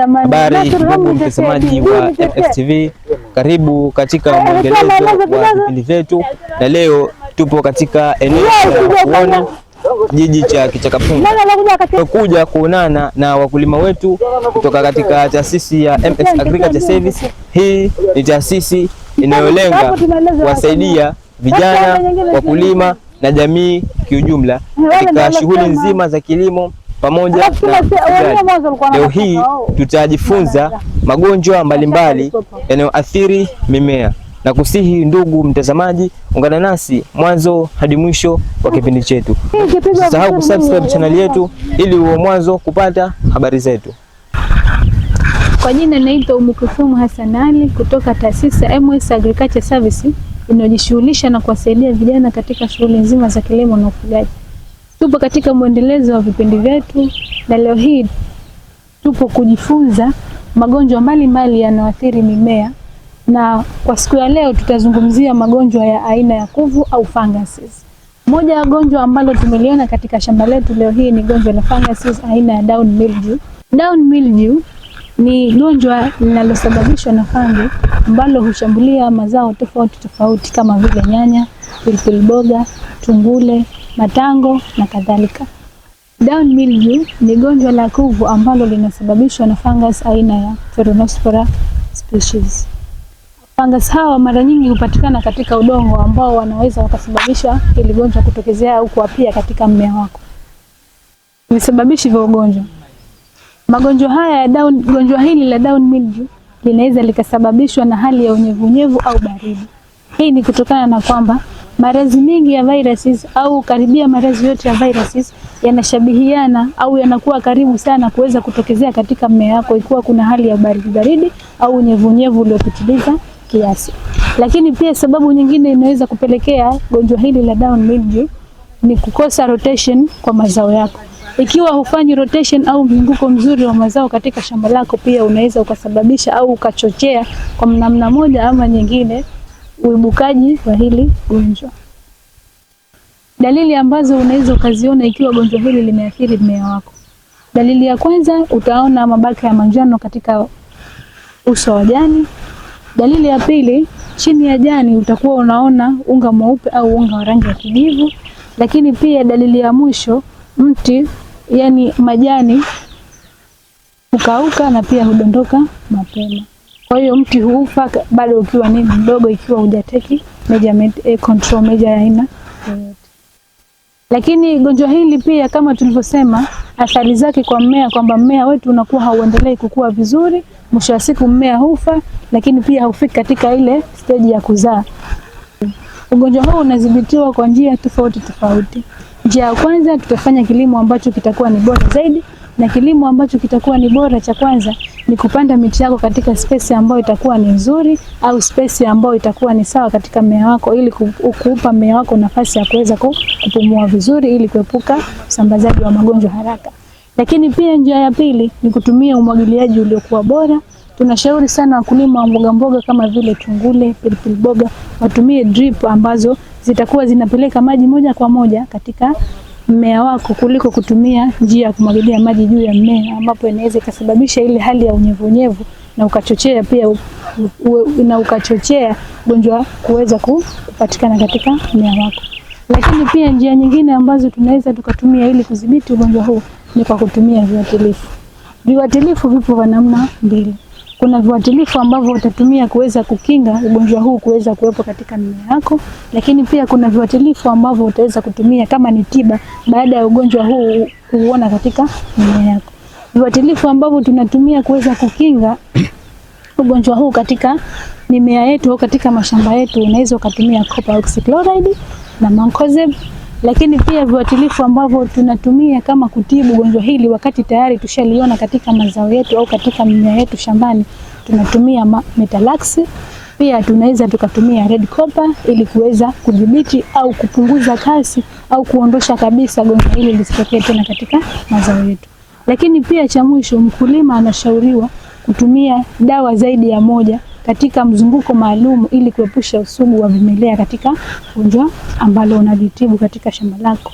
Habari ndugu mtazamaji wa MSTV, karibu katika eh, mwendelezo wa vipindi vyetu, na leo tupo katika eneo la kuona kijiji cha Kichakapungu. Tumekuja kuonana na wakulima wetu kutoka katika taasisi ya MS Agriculture Service. Hii ni taasisi inayolenga kuwasaidia vijana, wakulima na jamii kiujumla katika shughuli nzima za kilimo pamoja na leo hii tutajifunza magonjwa mbalimbali yanayoathiri mimea na kusihi ndugu mtazamaji, ungana nasi mwanzo hadi mwisho wa kipindi chetu. Usisahau kusubscribe channel yetu ili uwe mwanzo kupata habari zetu. Kwa jina naitwa Umukuthum Hassan Ali kutoka taasisi ya MS Agriculture Service inayojishughulisha na kuwasaidia vijana katika shughuli nzima za kilimo na ufugaji. Tupo katika mwendelezo wa vipindi vyetu na leo hii tupo kujifunza magonjwa mbalimbali yanayoathiri mimea, na kwa siku ya leo tutazungumzia magonjwa ya aina ya kuvu au funguses. Moja ya gonjwa ambalo tumeliona katika shamba letu leo hii ni gonjwa la funguses aina ya down mildew. Down mildew ni gonjwa linalosababishwa na fangi ambalo hushambulia mazao tofauti tofauti kama vile nyanya, pilipili boga, tungule matango na kadhalika. Down mildew ni gonjwa la kuvu ambalo linasababishwa na fungus aina ya Peronospora species. Fungus hawa mara nyingi hupatikana katika udongo ambao wanaweza wakasababisha ili gonjwa kutokezea au kuapia katika mmea wako. Visababishi vya ugonjwa. Magonjwa haya ya down, gonjwa hili la down mildew linaweza likasababishwa na hali ya unyevunyevu au baridi. Hii ni kutokana na kwamba Maradhi mengi ya viruses au karibia maradhi yote ya viruses yanashabihiana au yanakuwa karibu sana kuweza kutokezea katika mmea wako ikiwa kuna hali ya baridi baridi au unyevunyevu uliopitiliza kiasi. Lakini pia sababu nyingine inaweza kupelekea gonjwa hili la down mildew ni kukosa rotation kwa mazao yako. Ikiwa hufanyi rotation au mzunguko mzuri wa mazao katika shamba lako, pia unaweza ukasababisha au ukachochea kwa namna moja ama nyingine uibukaji wa hili gonjwa. Dalili ambazo unaweza ukaziona ikiwa gonjwa hili limeathiri mmea wako. Dalili ya kwanza utaona mabaka ya manjano katika uso wa jani. Dalili ya pili, chini ya jani utakuwa unaona unga mweupe au unga wa rangi ya kijivu. Lakini pia dalili ya mwisho, mti yani majani hukauka na pia hudondoka mapema. Kwa hiyo mti huufa bado ukiwa ni mdogo, ikiwa hujateki measurement a eh, control measure ya aina yoyote. Lakini gonjwa hili pia kama tulivyosema, athari zake kwa mmea kwamba mmea wetu unakuwa hauendelei kukua vizuri, mwisho wa siku mmea hufa, lakini pia haufiki katika ile stage ya kuzaa. Ugonjwa huu unadhibitiwa kwa njia tofauti tofauti. Njia ya kwanza, tutafanya kilimo ambacho kitakuwa ni bora zaidi, na kilimo ambacho kitakuwa ni bora cha kwanza ni kupanda miti yako katika spesi ambayo itakuwa ni nzuri au spesi ambayo itakuwa ni sawa katika mmea wako, ili kuupa mmea wako nafasi ya kuweza kupumua vizuri, ili kuepuka usambazaji wa magonjwa haraka. Lakini pia njia ya pili ni kutumia umwagiliaji uliokuwa bora. Tunashauri sana wakulima wa mboga mboga kama vile chungule, pilipili boga watumie drip ambazo zitakuwa zinapeleka maji moja kwa moja katika mmea wako kuliko kutumia njia ya kumwagilia maji juu ya mmea, ambapo inaweza ikasababisha ile hali ya unyevunyevu na ukachochea pia u, u, na ukachochea ugonjwa kuweza kupatikana katika mmea wako. Lakini pia njia nyingine ambazo tunaweza tukatumia ili kudhibiti ugonjwa huu ni kwa kutumia viuatilifu. Viuatilifu vipo vya namna mbili kuna viuatilifu ambavyo utatumia kuweza kukinga ugonjwa huu kuweza kuwepo katika mimea yako, lakini pia kuna viuatilifu ambavyo utaweza kutumia kama ni tiba baada ya ugonjwa huu kuuona katika mimea yako. Viuatilifu ambavyo tunatumia kuweza kukinga ugonjwa huu katika mimea yetu au katika mashamba yetu, unaweza ukatumia copper oxychloride na mancozeb lakini pia viuatilifu ambavyo tunatumia kama kutibu gonjwa hili, wakati tayari tushaliona katika mazao yetu au katika mimea yetu shambani, tunatumia Metalax. Pia tunaweza tukatumia red copper ili kuweza kudhibiti au kupunguza kasi au kuondosha kabisa gonjwa hili lisitokee tena katika mazao yetu. Lakini pia cha mwisho, mkulima anashauriwa kutumia dawa zaidi ya moja katika mzunguko maalum ili kuepusha usugu wa vimelea katika ugonjwa ambalo unalitibu katika shamba lako.